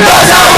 Mendoza